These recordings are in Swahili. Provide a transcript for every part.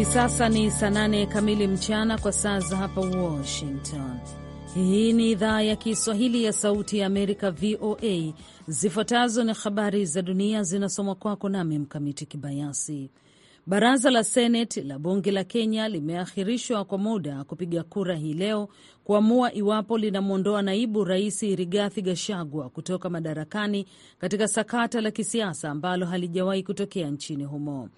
Hivi sasa ni saa nane kamili mchana kwa saa za hapa Washington. Hii ni idhaa ya Kiswahili ya Sauti ya Amerika, VOA. Zifuatazo ni habari za dunia zinasomwa kwako nami Mkamiti Kibayasi. Baraza la Seneti la bunge la Kenya limeahirishwa kwa muda kupiga kura hii leo kuamua iwapo linamwondoa naibu rais Rigathi Gachagua kutoka madarakani katika sakata la kisiasa ambalo halijawahi kutokea nchini humo.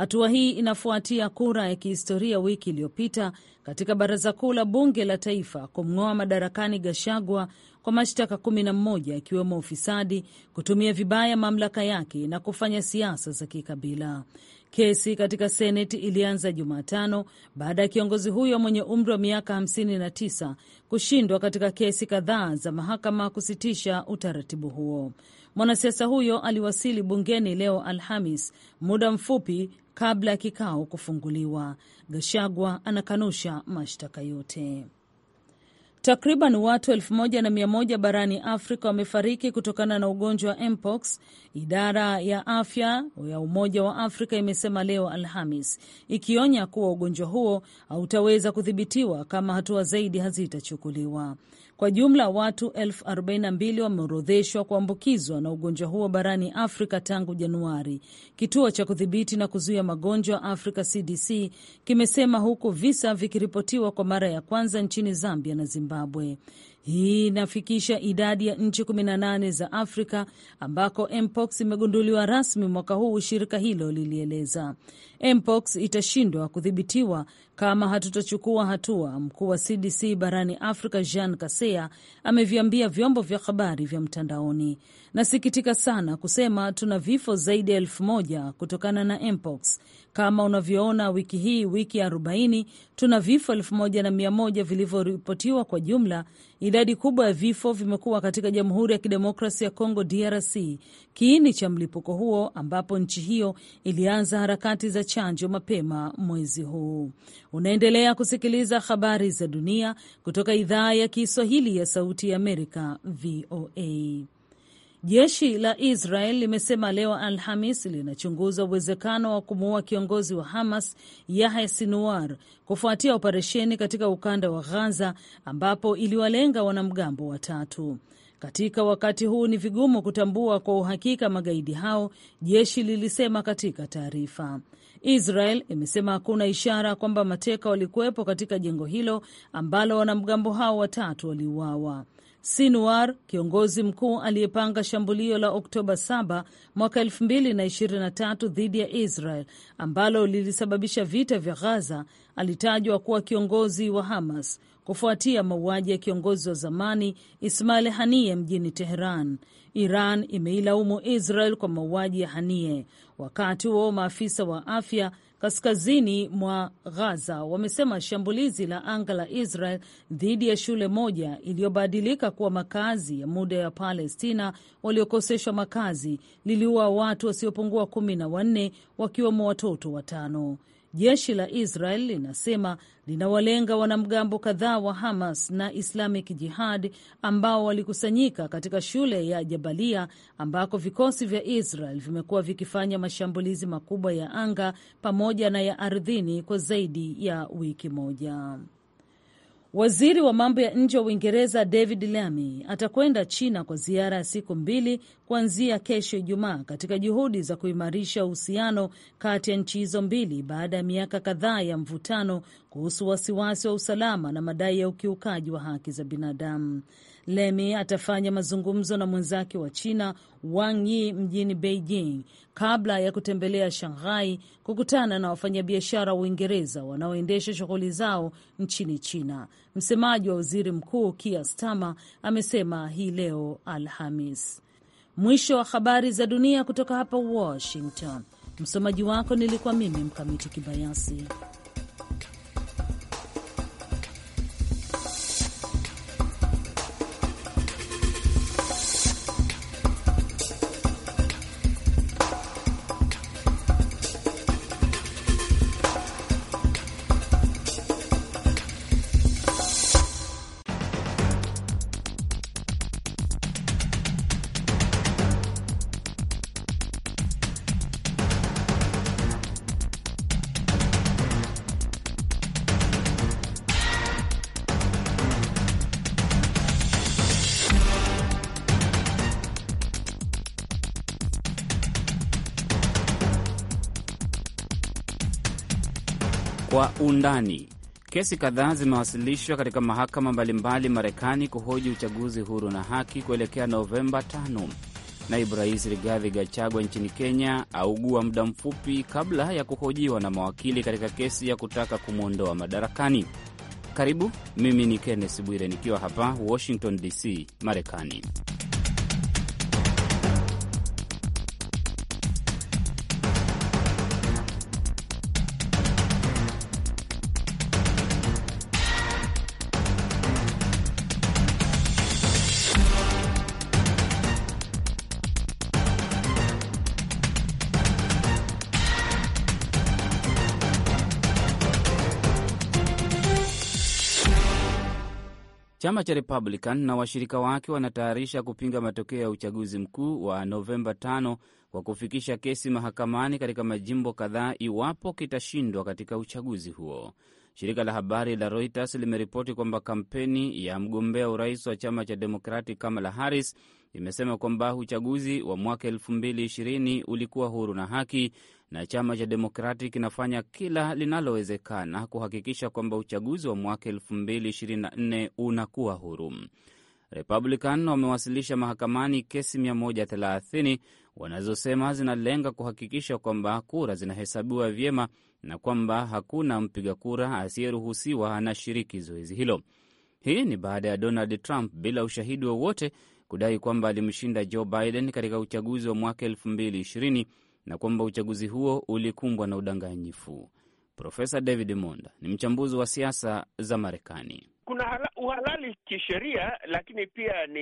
Hatua hii inafuatia kura ya kihistoria wiki iliyopita katika baraza kuu la bunge la taifa kumng'oa madarakani Gashagwa kwa mashtaka 11 na ikiwemo ufisadi, kutumia vibaya mamlaka yake na kufanya siasa za kikabila. Kesi katika Seneti ilianza Jumatano baada ya kiongozi huyo mwenye umri wa miaka 59 kushindwa katika kesi kadhaa za mahakama kusitisha utaratibu huo. Mwanasiasa huyo aliwasili bungeni leo Alhamis, muda mfupi kabla ya kikao kufunguliwa. Gashagwa anakanusha mashtaka yote. Takriban watu elfu moja na mia moja barani Afrika wamefariki kutokana na ugonjwa wa mpox, idara ya afya ya Umoja wa Afrika imesema leo Alhamis, ikionya kuwa ugonjwa huo hautaweza kudhibitiwa kama hatua zaidi hazitachukuliwa. Kwa jumla watu 42 wameorodheshwa kuambukizwa na ugonjwa huo barani Afrika tangu Januari, kituo cha kudhibiti na kuzuia magonjwa Afrika CDC kimesema, huku visa vikiripotiwa kwa mara ya kwanza nchini Zambia na Zimbabwe. Hii inafikisha idadi ya nchi 18 za Afrika ambako mpox imegunduliwa rasmi mwaka huu, shirika hilo lilieleza. Mpox itashindwa kudhibitiwa kama hatutachukua hatua, mkuu wa CDC barani Afrika Jean Kaseya ameviambia vyombo vya habari vya mtandaoni. Nasikitika sana kusema tuna vifo zaidi ya elfu moja kutokana na Mpox. Kama unavyoona, wiki hii, wiki ya 40 tuna vifo elfu moja na mia moja vilivyoripotiwa kwa jumla. Idadi kubwa ya vifo vimekuwa katika Jamhuri ya Kidemokrasi ya Kongo, DRC, kiini cha mlipuko huo, ambapo nchi hiyo ilianza harakati za chanjo mapema mwezi huu. Unaendelea kusikiliza habari za dunia kutoka idhaa ya Kiswahili ya Sauti ya Amerika, VOA. Jeshi la Israel limesema leo Alhamis linachunguza uwezekano wa kumuua kiongozi wa Hamas Yahya Sinwar kufuatia operesheni katika ukanda wa Ghaza ambapo iliwalenga wanamgambo watatu. Katika wakati huu ni vigumu kutambua kwa uhakika magaidi hao, jeshi lilisema katika taarifa. Israel imesema hakuna ishara kwamba mateka walikuwepo katika jengo hilo ambalo wanamgambo hao watatu waliuawa. Sinwar, kiongozi mkuu aliyepanga shambulio la Oktoba 7 mwaka 2023 dhidi ya Israel ambalo lilisababisha vita vya Ghaza, alitajwa kuwa kiongozi wa Hamas kufuatia mauaji ya kiongozi wa zamani Ismail hanie mjini Teheran. Iran imeilaumu Israel kwa mauaji ya hanie Wakati huo maafisa wa afya kaskazini mwa Gaza wamesema shambulizi la anga la Israel dhidi ya shule moja iliyobadilika kuwa makazi ya muda ya Palestina waliokoseshwa makazi liliua watu wasiopungua kumi na wanne wakiwemo watoto watano. Jeshi la Israel linasema linawalenga wanamgambo kadhaa wa Hamas na Islamic Jihad ambao walikusanyika katika shule ya Jabalia ambako vikosi vya Israel vimekuwa vikifanya mashambulizi makubwa ya anga pamoja na ya ardhini kwa zaidi ya wiki moja. Waziri wa mambo ya nje wa Uingereza David Lammy atakwenda China kwa ziara ya siku mbili kuanzia kesho Ijumaa, katika juhudi za kuimarisha uhusiano kati ya nchi hizo mbili baada ya miaka kadhaa ya mvutano kuhusu wasiwasi wa usalama na madai ya ukiukaji wa haki za binadamu. Lemi atafanya mazungumzo na mwenzake wa China Wang Yi mjini Beijing kabla ya kutembelea Shanghai kukutana na wafanyabiashara wa Uingereza wanaoendesha shughuli zao nchini China. Msemaji wa waziri mkuu Keir Starmer amesema hii leo Alhamis. Mwisho wa habari za dunia kutoka hapa Washington. Msomaji wako nilikuwa mimi Mkamiti Kibayasi. undani. Kesi kadhaa zimewasilishwa katika mahakama mbalimbali Marekani kuhoji uchaguzi huru na haki kuelekea Novemba 5 Naibu Rais Rigathi Gachagua nchini Kenya augua muda mfupi kabla ya kuhojiwa na mawakili katika kesi ya kutaka kumwondoa madarakani. Karibu, mimi ni kennes Bwire nikiwa hapa Washington DC, Marekani. Chama cha Republican na washirika wake wanatayarisha kupinga matokeo ya uchaguzi mkuu wa Novemba 5 kwa kufikisha kesi mahakamani katika majimbo kadhaa iwapo kitashindwa katika uchaguzi huo. Shirika la habari la Reuters limeripoti kwamba kampeni ya mgombea urais wa chama cha Demokrati Kamala Harris imesema kwamba uchaguzi wa mwaka elfu ulikuwa huru na haki na chama cha Demokrati kinafanya kila linalowezekana kuhakikisha kwamba uchaguzi wa mwaka 224 unakuwa huru. Republican wamewasilisha mahakamani kesi 130 wanazosema zinalenga kuhakikisha kwamba kura zinahesabiwa vyema na kwamba hakuna mpiga kura asiyeruhusiwa anashiriki zoezi hilo. Hii ni baada ya Donald Trump bila ushahidi wowote kudai kwamba alimshinda Joe Biden katika uchaguzi wa mwaka 2020 na kwamba uchaguzi huo ulikumbwa na udanganyifu. Profesa David Monda ni mchambuzi wa siasa za Marekani. Kuna uhalali kisheria, lakini pia ni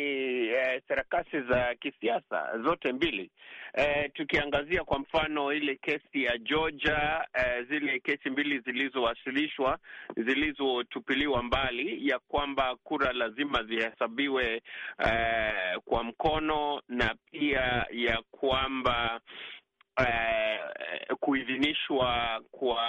eh, sarakasi za kisiasa zote mbili eh, tukiangazia kwa mfano ile kesi ya Georgia eh, zile kesi mbili zilizowasilishwa zilizotupiliwa mbali, ya kwamba kura lazima zihesabiwe eh, kwa mkono na pia ya kwamba eh, kuidhinishwa kwa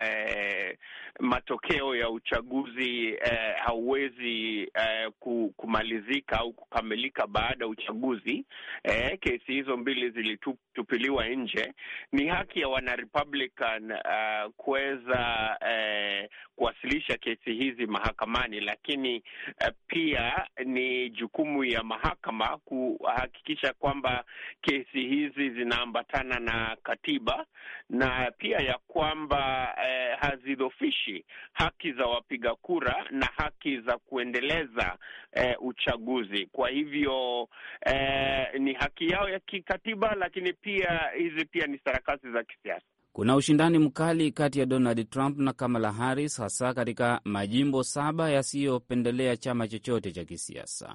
eh, matokeo ya uchaguzi eh, hauwezi eh, kumalizika au kukamilika baada ya uchaguzi eh, kesi hizo mbili zilitupiliwa nje. Ni haki ya wanarepublican uh, kuweza eh, kuwasilisha kesi hizi mahakamani, lakini eh, pia ni jukumu ya mahakama kuhakikisha kwamba kesi hizi zinaambatana na katiba na pia ya kwamba eh, hazidhofishi kuishi, haki za wapiga kura na haki za kuendeleza eh, uchaguzi. Kwa hivyo eh, ni haki yao ya kikatiba, lakini pia hizi pia ni sarakasi za kisiasa. Kuna ushindani mkali kati ya Donald Trump na Kamala Harris, hasa katika majimbo saba yasiyopendelea chama chochote cha kisiasa.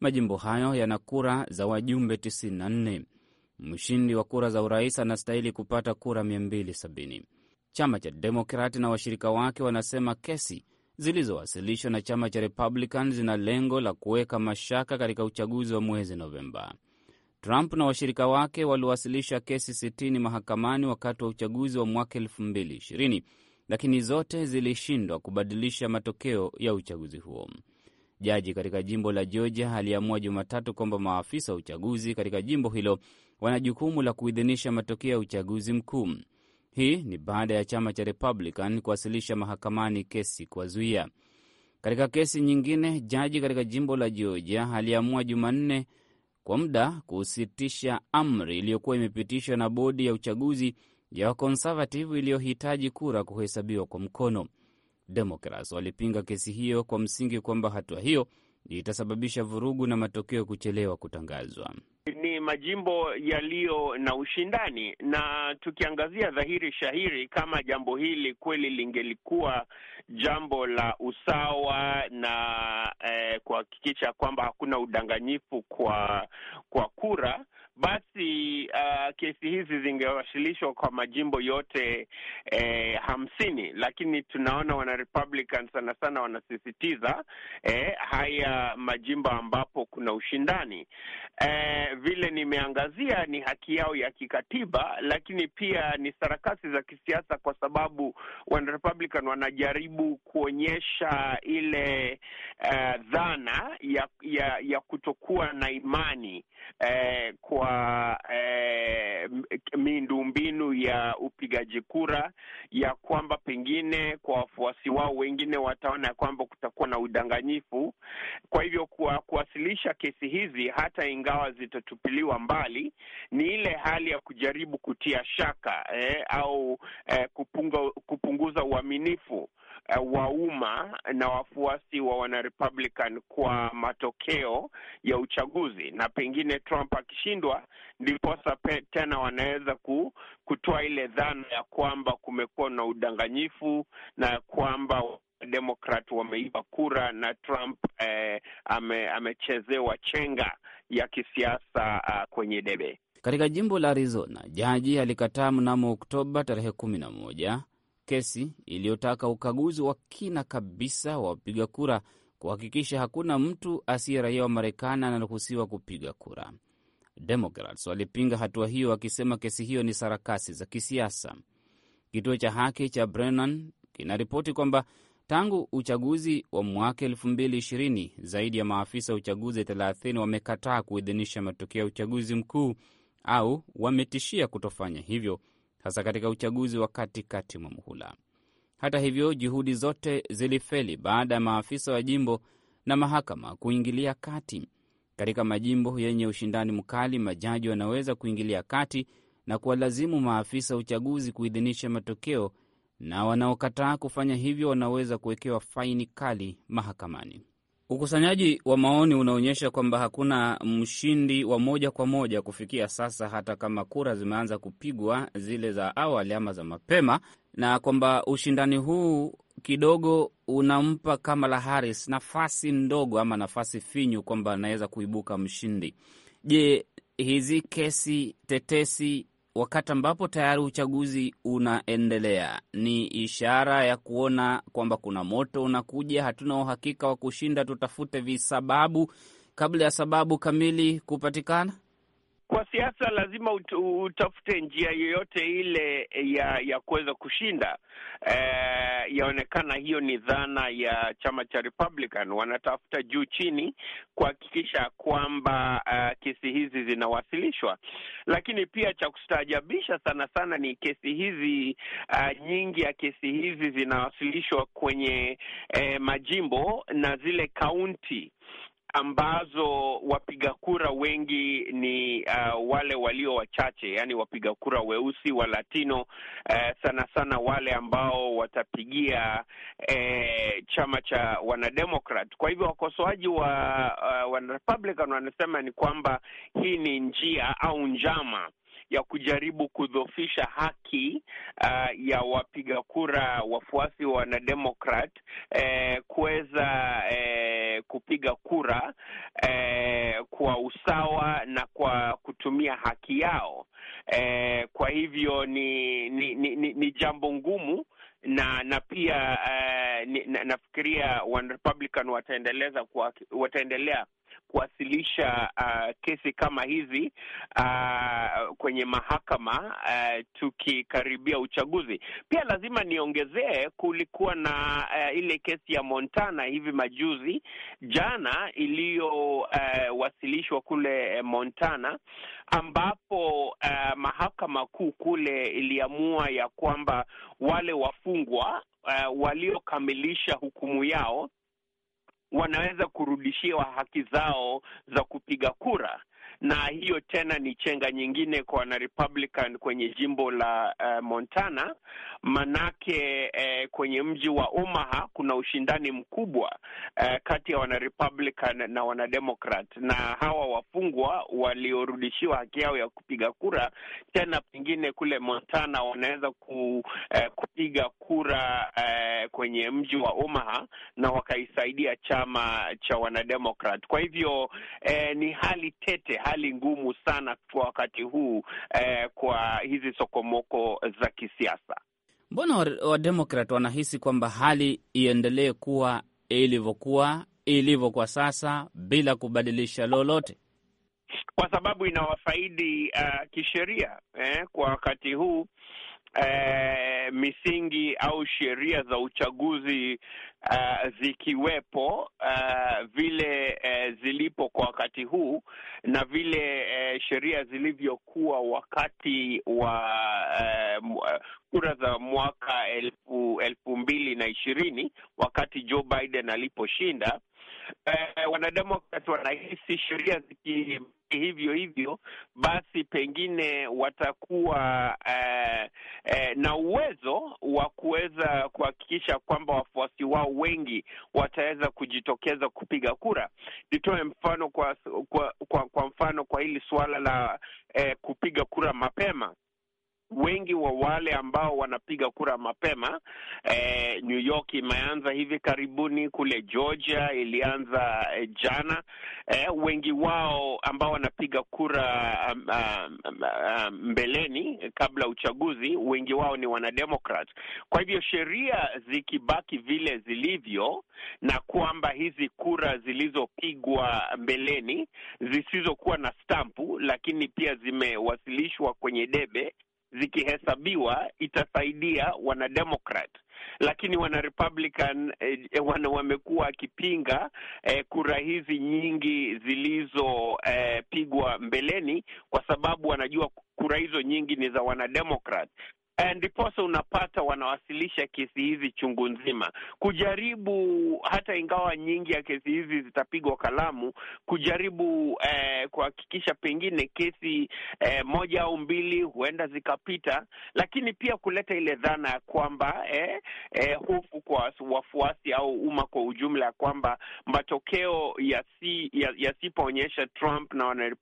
Majimbo hayo yana kura za wajumbe 94. Mshindi wa kura za urais anastahili kupata kura 270. Chama cha Demokrati na washirika wake wanasema kesi zilizowasilishwa na chama cha Republican zina lengo la kuweka mashaka katika uchaguzi wa mwezi Novemba. Trump na washirika wake waliwasilisha kesi 60 mahakamani wakati wa uchaguzi wa mwaka 2020 lakini zote zilishindwa kubadilisha matokeo ya uchaguzi huo. Jaji katika jimbo la Georgia aliamua Jumatatu kwamba maafisa wa uchaguzi katika jimbo hilo wana jukumu la kuidhinisha matokeo ya uchaguzi mkuu. Hii ni baada ya chama cha Republican kuwasilisha mahakamani kesi kuwazuia. Katika kesi nyingine, jaji katika jimbo la Georgia aliamua Jumanne kwa muda kusitisha amri iliyokuwa imepitishwa na bodi ya uchaguzi ya wakonservative iliyohitaji kura kuhesabiwa kwa mkono. Democrats walipinga kesi hiyo kwa msingi kwamba hatua hiyo itasababisha vurugu na matokeo kuchelewa kutangazwa majimbo yaliyo na ushindani, na tukiangazia dhahiri shahiri, kama jambo hili kweli lingelikuwa jambo la usawa na eh, kuhakikisha kwamba hakuna udanganyifu kwa kwa kura basi uh, kesi hizi zingewasilishwa kwa majimbo yote eh, hamsini, lakini tunaona wana Republican sana sana wanasisitiza eh, haya majimbo ambapo kuna ushindani eh, vile nimeangazia, ni haki yao ya kikatiba, lakini pia ni sarakasi za kisiasa, kwa sababu wana Republican wanajaribu kuonyesha ile uh, dhana ya, ya, ya kutokuwa na imani eh, kwa kwa eh, miundombinu ya upigaji kura, ya kwamba pengine kwa wafuasi wao wengine wataona ya kwamba kutakuwa na udanganyifu. Kwa hivyo kwa kuwasilisha kesi hizi, hata ingawa zitatupiliwa mbali, ni ile hali ya kujaribu kutia shaka eh, au eh, kupunga, kupunguza uaminifu Eh, wa umma na wafuasi wa wanarepublican kwa matokeo ya uchaguzi, na pengine Trump akishindwa, ndiposa tena wanaweza ku, kutoa ile dhana ya kwamba kumekuwa na udanganyifu na kwamba Demokrat wameiba kura na Trump eh, ame, amechezewa chenga ya kisiasa uh, kwenye debe. Katika jimbo la Arizona, jaji alikataa mnamo Oktoba tarehe kumi na moja kesi iliyotaka ukaguzi wa kina kabisa wa wapiga kura kuhakikisha hakuna mtu asiye raia wa Marekani anaruhusiwa kupiga kura. Democrats walipinga hatua hiyo wakisema kesi hiyo ni sarakasi za kisiasa. Kituo cha haki cha Brennan kinaripoti kwamba tangu uchaguzi wa mwaka 2020 zaidi ya maafisa uchaguzi 30 wamekataa kuidhinisha matokeo ya uchaguzi mkuu au wametishia kutofanya hivyo hasa katika uchaguzi wa katikati mwa muhula. Hata hivyo, juhudi zote zilifeli baada ya maafisa wa jimbo na mahakama kuingilia kati. Katika majimbo yenye ushindani mkali, majaji wanaweza kuingilia kati na kuwalazimu maafisa uchaguzi kuidhinisha matokeo, na wanaokataa kufanya hivyo wanaweza kuwekewa faini kali mahakamani. Ukusanyaji wa maoni unaonyesha kwamba hakuna mshindi wa moja kwa moja kufikia sasa, hata kama kura zimeanza kupigwa zile za awali ama za mapema, na kwamba ushindani huu kidogo unampa Kamala Harris nafasi ndogo ama nafasi finyu kwamba anaweza kuibuka mshindi. Je, hizi kesi tetesi wakati ambapo tayari uchaguzi unaendelea, ni ishara ya kuona kwamba kuna moto unakuja. Hatuna uhakika wa kushinda, tutafute visababu kabla ya sababu kamili kupatikana. Kwa siasa lazima ut, utafute njia yoyote ile ya ya kuweza kushinda. E, yaonekana hiyo ni dhana ya chama cha Republican. Wanatafuta juu chini kuhakikisha kwamba uh, kesi hizi zinawasilishwa, lakini pia cha kustaajabisha sana sana ni kesi hizi uh, nyingi ya kesi hizi zinawasilishwa kwenye eh, majimbo na zile kaunti ambazo wapiga kura wengi ni uh, wale walio wachache, yaani wapiga kura weusi wa Latino, uh, sana sana wale ambao watapigia uh, chama cha wanademokrat. Kwa hivyo wakosoaji wa uh, wanarepublican wanasema ni kwamba hii ni njia au njama ya kujaribu kudhofisha haki uh, ya wapiga kura wafuasi wa wanademokrat eh, kuweza eh, kupiga kura eh, kwa usawa na kwa kutumia haki yao eh, kwa hivyo ni, ni, ni, ni, ni jambo ngumu na na pia uh, na, nafikiria wataendeleza wataendeleza wataendelea kuwasilisha uh, kesi kama hizi uh, kwenye mahakama uh, tukikaribia uchaguzi. Pia lazima niongezee, kulikuwa na uh, ile kesi ya Montana hivi majuzi jana iliyowasilishwa uh, kule eh, Montana ambapo uh, mahakama kuu kule iliamua ya kwamba wale wafungwa uh, waliokamilisha hukumu yao wanaweza kurudishiwa haki zao za kupiga kura na hiyo tena ni chenga nyingine kwa wanarepublican kwenye jimbo la uh, Montana, manake uh, kwenye mji wa Omaha kuna ushindani mkubwa uh, kati ya wanarepublican na wanademokrat, na hawa wafungwa waliorudishiwa haki yao ya kupiga kura tena pengine kule Montana wanaweza ku, uh, kupiga kura uh, kwenye mji wa Omaha na wakaisaidia chama cha wanademokrat. Kwa hivyo uh, ni hali tete hali ngumu sana kwa wakati huu eh, kwa hizi sokomoko za kisiasa. Mbona wademokrat wanahisi kwamba hali iendelee kuwa ilivyokuwa ilivyo kwa sasa bila kubadilisha lolote? Kwa sababu inawafaidi uh, kisheria eh, kwa wakati huu. eh, misingi au sheria za uchaguzi uh, zikiwepo uh, vile uh, zilipo kwa wakati huu na vile uh, sheria zilivyokuwa wakati wa uh, uh kura za mwaka elfu, elfu mbili na ishirini wakati Joe Biden aliposhinda. Uh, wanademokrat wanahisi sheria zikiwepo hivyo hivyo, basi pengine watakuwa eh, eh, na uwezo wa kuweza kuhakikisha kwamba wafuasi wao wengi wataweza kujitokeza kupiga kura. Nitoe mfano kwa, kwa, kwa, kwa mfano kwa hili suala la eh, kupiga kura mapema wengi wa wale ambao wanapiga kura mapema eh, New York imeanza hivi karibuni, kule Georgia ilianza eh, jana eh, wengi wao ambao wanapiga kura um, um, um, um, mbeleni kabla uchaguzi, wengi wao ni wanademokrat. Kwa hivyo sheria zikibaki vile zilivyo, na kwamba hizi kura zilizopigwa mbeleni zisizokuwa na stampu, lakini pia zimewasilishwa kwenye debe zikihesabiwa itasaidia wanademokrat lakini wanarepublican eh, wana wamekuwa wakipinga eh, kura hizi nyingi zilizopigwa eh, mbeleni, kwa sababu wanajua kura hizo nyingi ni za wanademokrat, Eh, ndiposa unapata wanawasilisha kesi hizi chungu nzima, kujaribu hata ingawa nyingi ya kesi hizi zitapigwa kalamu, kujaribu eh, kuhakikisha pengine kesi eh, moja au mbili huenda zikapita, lakini pia kuleta ile dhana ya kwamba eh, eh, hofu kwa wafuasi au umma kwa ujumla ya kwamba matokeo yasipoonyesha ya, ya Trump na wana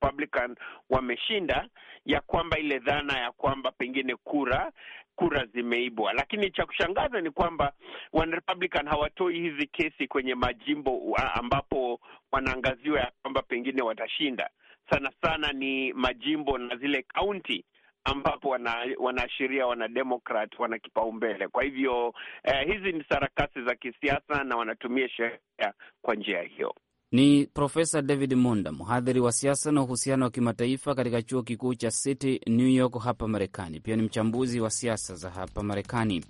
wameshinda, ya kwamba ile dhana ya kwamba pengine kura kura zimeibwa. Lakini cha kushangaza ni kwamba wana hawatoi hizi kesi kwenye majimbo uh, ambapo wanaangaziwa ya kwamba pengine watashinda. Sana sana ni majimbo na zile kaunti ambapo wanaashiria wana wanademokrat wana, wana kipaumbele. Kwa hivyo eh, hizi ni sarakasi za kisiasa na wanatumia sheria kwa njia hiyo. Ni Profesa David Monda, mhadhiri wa siasa na uhusiano wa kimataifa katika chuo kikuu cha City New York hapa Marekani. Pia ni mchambuzi wa siasa za hapa Marekani.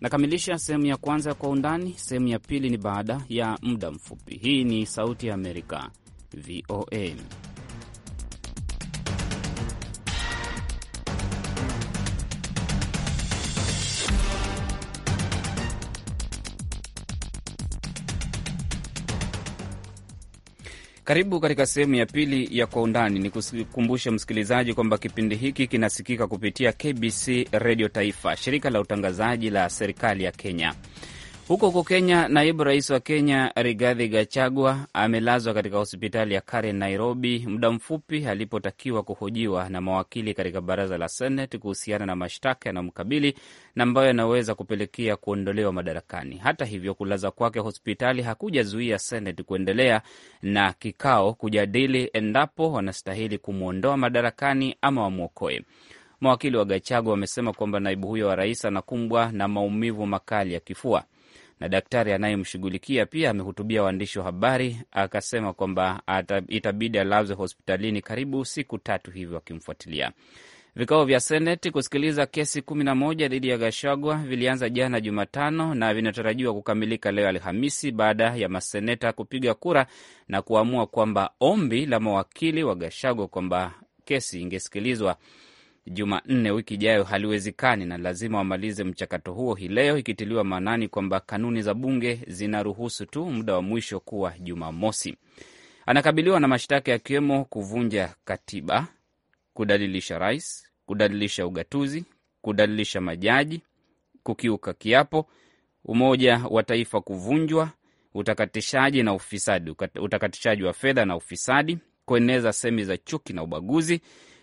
Nakamilisha sehemu ya kwanza ya kwa undani. Sehemu ya pili ni baada ya muda mfupi. Hii ni Sauti ya Amerika, VOA. Karibu katika sehemu ya pili ya Kwa Undani. Ni kukumbushe msikilizaji kwamba kipindi hiki kinasikika kupitia KBC Redio Taifa, shirika la utangazaji la serikali ya Kenya. Huko huko Kenya, naibu rais wa Kenya Rigathi Gachagua amelazwa katika hospitali ya Karen, Nairobi, muda mfupi alipotakiwa kuhojiwa na mawakili katika baraza la senet kuhusiana na mashtaka yanayomkabili na ambayo yanaweza kupelekea kuondolewa madarakani. Hata hivyo, kulaza kwake hospitali hakujazuia Seneti kuendelea na kikao kujadili endapo wanastahili kumwondoa madarakani ama wamwokoe. Mawakili wa Gachagua wamesema kwamba naibu huyo wa rais anakumbwa na maumivu makali ya kifua na daktari anayemshughulikia pia amehutubia waandishi wa habari akasema kwamba itabidi alazwe hospitalini karibu siku tatu hivyo akimfuatilia. Vikao vya Seneti kusikiliza kesi kumi na moja dhidi ya Gashagwa vilianza jana Jumatano na vinatarajiwa kukamilika leo Alhamisi baada ya maseneta kupiga kura na kuamua kwamba ombi la mawakili wa Gashagwa kwamba kesi ingesikilizwa Jumanne wiki ijayo haliwezekani na lazima wamalize mchakato huo hii leo, ikitiliwa maanani kwamba kanuni za bunge zinaruhusu tu muda wa mwisho kuwa Jumamosi. Anakabiliwa na mashtaka yakiwemo kuvunja katiba, kudalilisha rais, kudalilisha ugatuzi, kudalilisha majaji, kukiuka kiapo, umoja wa taifa kuvunjwa, utakatishaji na ufisadi, utakatishaji wa fedha na ufisadi, kueneza semi za chuki na ubaguzi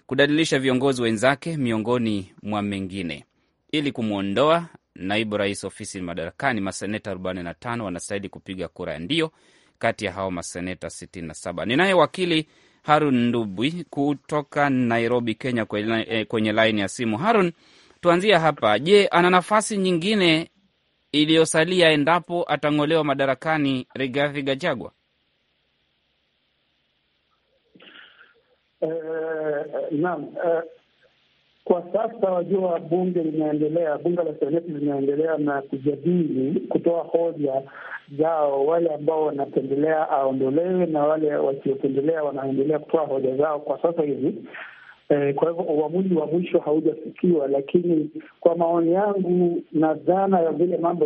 kudadilisha viongozi wenzake, miongoni mwa mengine, ili kumwondoa naibu rais ofisi madarakani. Maseneta 45 wanastahili kupiga kura ya ndio kati ya hao maseneta 67. Ninaye wakili Harun Ndubwi kutoka Nairobi, Kenya, kwenye eh, laini ya simu. Harun, tuanzia hapa. Je, ana nafasi nyingine iliyosalia endapo atang'olewa madarakani Rigathi Gachagua? Uh... Eh, naam, eh, kwa sasa wajua, bunge linaendelea, bunge la seneti linaendelea na kujadili kutoa hoja zao, wale ambao wanapendelea aondolewe na wale wasiopendelea wanaendelea kutoa hoja zao kwa sasa hivi. Eh, kwa hivyo uamuzi wa mwisho haujafikiwa, lakini kwa maoni yangu na dhana ya vile mambo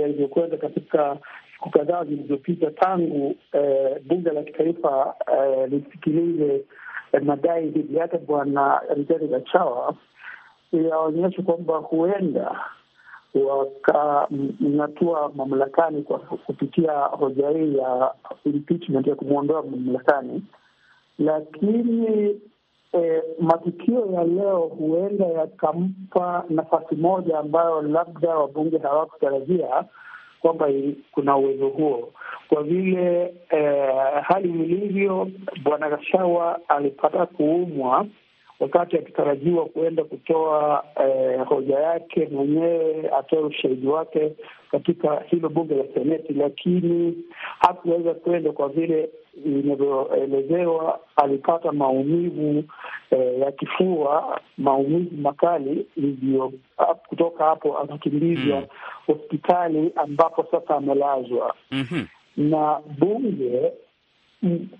yalivyokwenda katika siku kadhaa zilizopita tangu eh, bunge la kitaifa eh, lisikilize madai dhidi yake Bwana Rigathi Gachagua yaonyesha kwamba huenda wakang'atua mamlakani kwa kupitia hoja hii ya impeachment ya kumwondoa mamlakani, lakini e, matukio ya leo huenda yakampa nafasi moja ambayo labda wabunge hawakutarajia kwamba kuna uwezo huo kwa vile eh, hali ilivyo, bwana Gashawa alipata kuumwa wakati akitarajiwa kuenda kutoa eh, hoja yake mwenyewe, atoe ushahidi wake katika hilo bunge la Seneti, lakini hakuweza kuenda kwa vile inavyoelezewa alipata maumivu eh, ya kifua, maumivu makali ndio kutoka hapo akakimbizwa mm. hospitali mm. ambapo sasa amelazwa mm -hmm. na bunge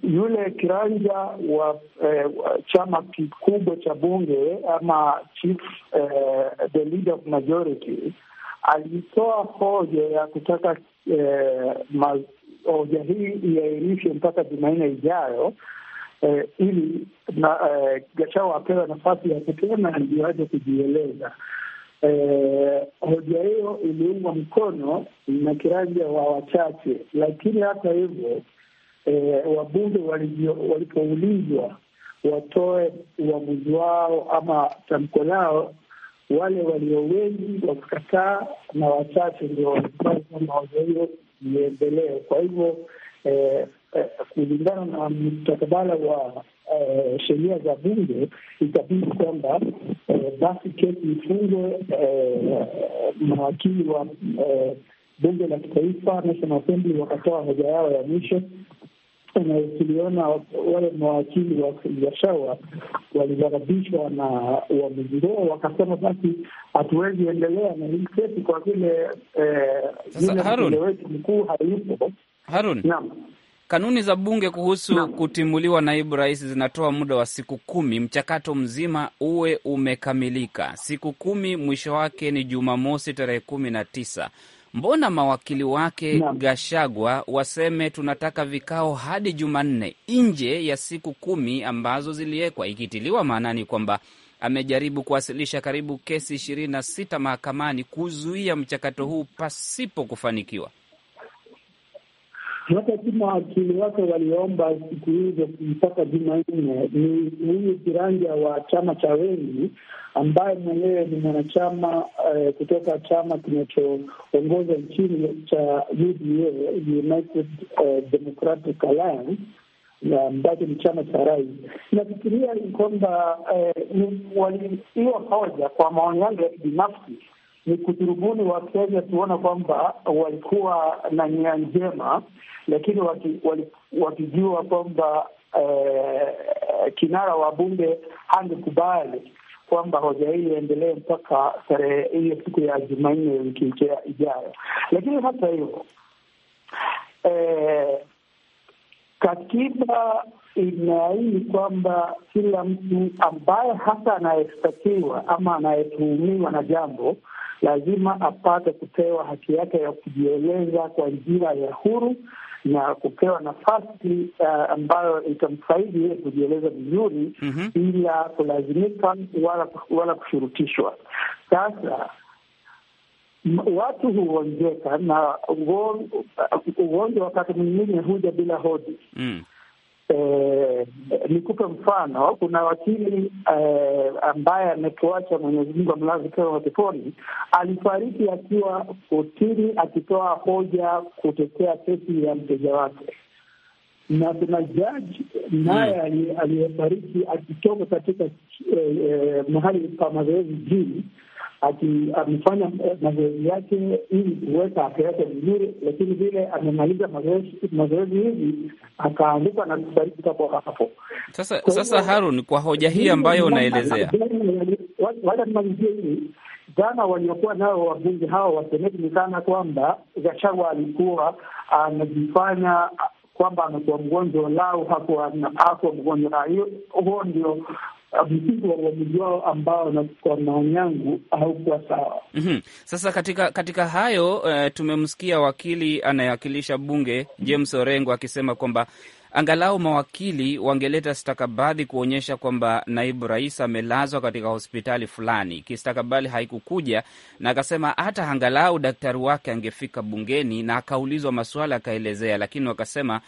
yule kiranja wa eh, chama kikubwa cha bunge ama chief eh, the leader of majority alitoa hoja ya kutaka eh, hoja hii iairishwe mpaka Jumanne ijayo eh, ili na, eh, Gachao apewe nafasi ya kutena ndio aje kujieleza. Eh, hoja hiyo iliungwa mkono na kiranja wa wachache, lakini hata hivyo eh, wabunge walipoulizwa watoe uamuzi wao ama tamko lao, wale walio wengi wakakataa na wachache ndio walikubali kwamba hoja hiyo kiendeleo. Kwa hivyo eh, eh, kulingana na mstakabala wa eh, sheria za bunge itabidi kwamba eh, basi kesi ifungwe eh, mawakili wa eh, bunge la kitaifa National Assembly wakatoa hoja yao ya mwisho na tuliona wale mawakili wa Gachagua walighadhabishwa na uamuzi huo, wakasema basi hatuwezi endelea na hii kesi kwa vile yule eh, wetu mkuu hayupo. Harun, kanuni za bunge kuhusu na kutimuliwa naibu rais zinatoa muda wa siku kumi mchakato mzima uwe umekamilika. Siku kumi, mwisho wake ni Jumamosi tarehe kumi na tisa. Mbona mawakili wake na Gashagwa waseme tunataka vikao hadi Jumanne nje ya siku kumi ambazo ziliwekwa, ikitiliwa maanani kwamba amejaribu kuwasilisha karibu kesi ishirini na sita mahakamani kuzuia mchakato huu pasipo kufanikiwa hata si wakili wake waliomba siku hizo mpaka Jumanne. Ni huyu Kiranja wa chama cha wengi ambaye mwenyewe ni mwanachama eh, kutoka chama kinachoongoza nchini cha UDA, United eh, Democratic Alliance ambacho ni chama cha rais. Inafikiria kwamba hiyo eh, hoja, kwa maoni yangu ya kibinafsi ni kuturubuni Wakenya tuona kwamba walikuwa na nia njema, lakini wakijua waki kwamba eh, kinara wa bunge hangekubali kwamba hoja hii iendelee mpaka tarehe hiyo siku ya Jumanne wiki ijayo. Lakini hata hivyo eh, katiba inaini kwamba kila mtu ambaye hata anayeshtakiwa ama anayetuhumiwa na jambo lazima apate kupewa haki yake ya kujieleza kwa njia ya huru na kupewa nafasi uh, ambayo itamfaidi yeye kujieleza vizuri mm -hmm. bila kulazimika wala, wala kushurutishwa. Sasa watu huonjeka na ugonjwa, wakati mwingine huja bila hodi mm eh, nikupe mfano. Kuna wakili eh, ambaye ametuacha Mwenyezi Mungu amlaze peponi, alifariki akiwa kotini akitoa hoja kutetea kesi ya mteja wake na kuna jaji naye hmm. aliyefariki akitoka katika eh, eh, mahali pa mazoezi jini amefanya eh, mazoezi yake ili kuweka afya yake vizuri, lakini vile amemaliza mazoezi hivi akaanguka na kufariki hapo hapo. Sasa sasa, Harun, kwa hoja hii ambayo unaelezea, wacha nimalizie hili. Jana waliokuwa nao wabunge hao waseneti ni sana kwamba Gachagua alikuwa anajifanya kwamba amekuwa mgonjwa, lau hakuwa mgonjwa. Hiyo huo ndio Ah, msingi wa uamuzi wao ambao na kwa maoni yangu haukuwa sawa. mm -hmm. Sasa katika katika hayo uh, tumemsikia wakili anayewakilisha bunge James Orengo akisema kwamba angalau mawakili wangeleta stakabadhi kuonyesha kwamba naibu rais amelazwa katika hospitali fulani. Kistakabadhi haikukuja, na akasema hata angalau daktari wake angefika bungeni na akaulizwa maswala akaelezea, lakini wakasema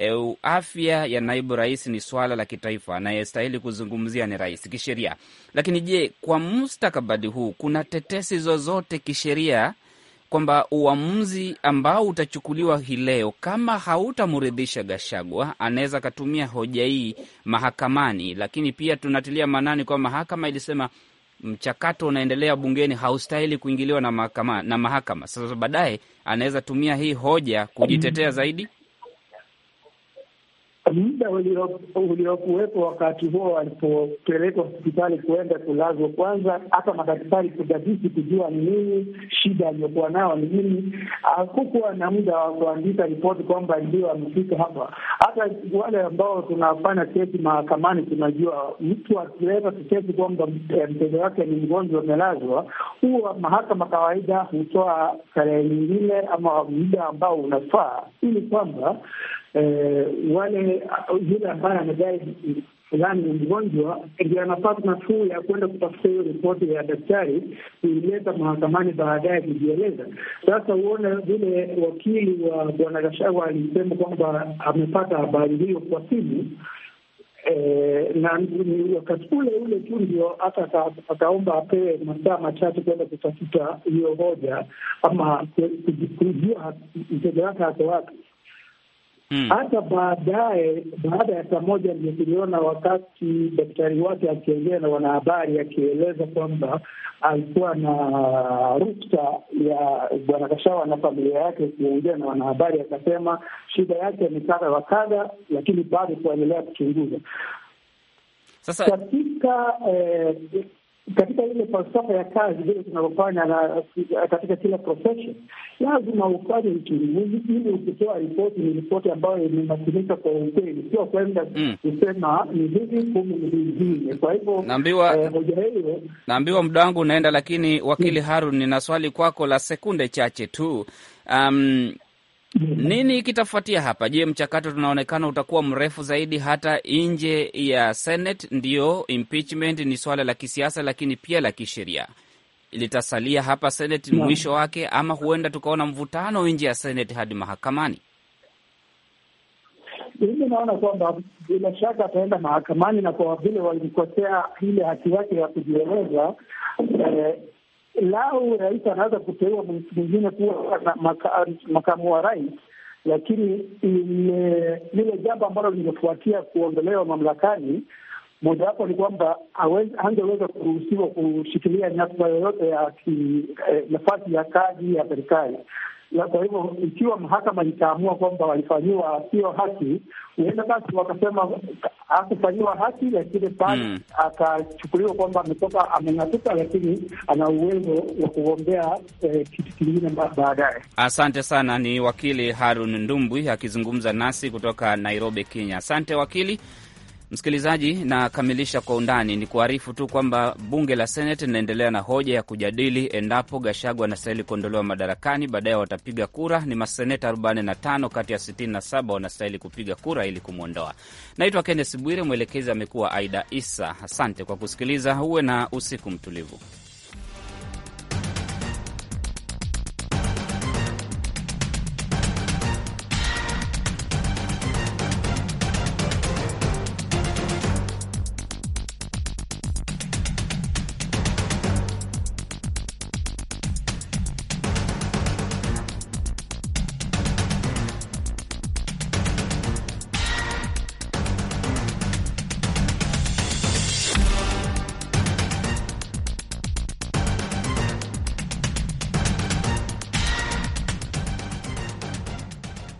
e, afya ya naibu rais ni swala la kitaifa, anayestahili kuzungumzia ni rais kisheria. Lakini je, kwa mustakabali huu kuna tetesi zozote kisheria kwamba uamuzi ambao utachukuliwa hii leo kama hautamridhisha Gashagwa anaweza akatumia hoja hii mahakamani? Lakini pia tunatilia maanani kwa mahakama ilisema mchakato unaendelea bungeni haustahili kuingiliwa na mahakama, na mahakama sasa baadaye anaweza tumia hii hoja kujitetea zaidi muda uliokuwepo wakati huo walipopelekwa hospitali kuenda kulazwa, kwanza hata madaktari kudadisi kujua ni nini shida aliyokuwa nao ni nini. Hakukuwa na muda wa kuandika ripoti kwamba ndio amefika hapa. Hata wale ambao tunafanya kesi mahakamani tunajua mtu akileta kesi kwamba mteja wake ni mgonjwa amelazwa, huwa mahakama kawaida hutoa tarehe nyingine ama muda ambao unafaa ili kwamba Eh, wale yule ambaye anadai fulani ni mgonjwa, ndio anapata nafuu ya kwenda kutafuta hiyo ripoti ya daktari kuileta mahakamani baadaye kujieleza. Sasa huone vile wakili wa bwana Gachagua alisema kwamba amepata habari hiyo kwa simu. E, na ni wakati ule ule tu ndio hata akaomba apewe masaa machache kwenda kutafuta hiyo hoja ama kujua mteja wake ako wapi. Hmm. hata hmm. Baadaye, baada ya saa moja ndio wakati daktari wake akiongea na wanahabari akieleza kwamba alikuwa na ruksa ya bwana Kashawa na familia yake kuongea na wanahabari, akasema shida yake ni kadha wa kadha, lakini bado kuendelea kuchunguza sasa katika eh, katika ile falsafa ya kazi vile tunavyofanya na katika kila profession, lazima ufanye uchunguzi ili ukitoa ripoti, ni ripoti ambayo imemakinika kwa ukweli, sio kwenda mm. kusema ni hivi kumi ni vingine. Kwa hivyo naambiwa, hoja eh, hiyo naambiwa, muda wangu unaenda, lakini wakili mm. Harun, nina swali kwako la sekunde chache tu. Um, Mm-hmm. Nini kitafuatia hapa? Je, mchakato tunaonekana utakuwa mrefu zaidi hata nje ya Senate? Ndiyo, impeachment ni swala la kisiasa, lakini pia la kisheria. Litasalia hapa Senate mwisho wake, ama huenda tukaona mvutano nje ya Senate hadi mahakamani? Mimi naona kwamba bila shaka ataenda mahakamani, na kwa vile walimkosea ile haki yake ya kujieleza, eh, lau rais anaweza kuteua mwingine kuwa makamu wa rais, lakini lile jambo ambalo lingefuatia kuondolewa mamlakani mojawapo ni kwamba hangeweza kuruhusiwa kushikilia nyadhifa yoyote ya eh, nafasi ya kazi ya serikali na kwa hivyo ikiwa mahakama ikaamua kwamba walifanyiwa sio haki, huenda basi wakasema hakufanyiwa haki, lakini pale mm. akachukuliwa kwamba ametoka ameng'atuka, lakini ana uwezo wa kugombea eh, kitu kingine baadaye. Asante sana. Ni wakili Harun Ndumbwi akizungumza nasi kutoka Nairobi, Kenya. Asante wakili. Msikilizaji, nakamilisha kwa undani ni kuarifu tu kwamba bunge la Seneti linaendelea na hoja ya kujadili endapo Gashagwa anastahili kuondolewa madarakani. Baadaye watapiga kura. Ni maseneta 45 kati ya 67 wanastahili kupiga kura ili kumwondoa. Naitwa Kennes Bwire, mwelekezi amekuwa Aida Isa. Asante kwa kusikiliza, uwe na usiku mtulivu.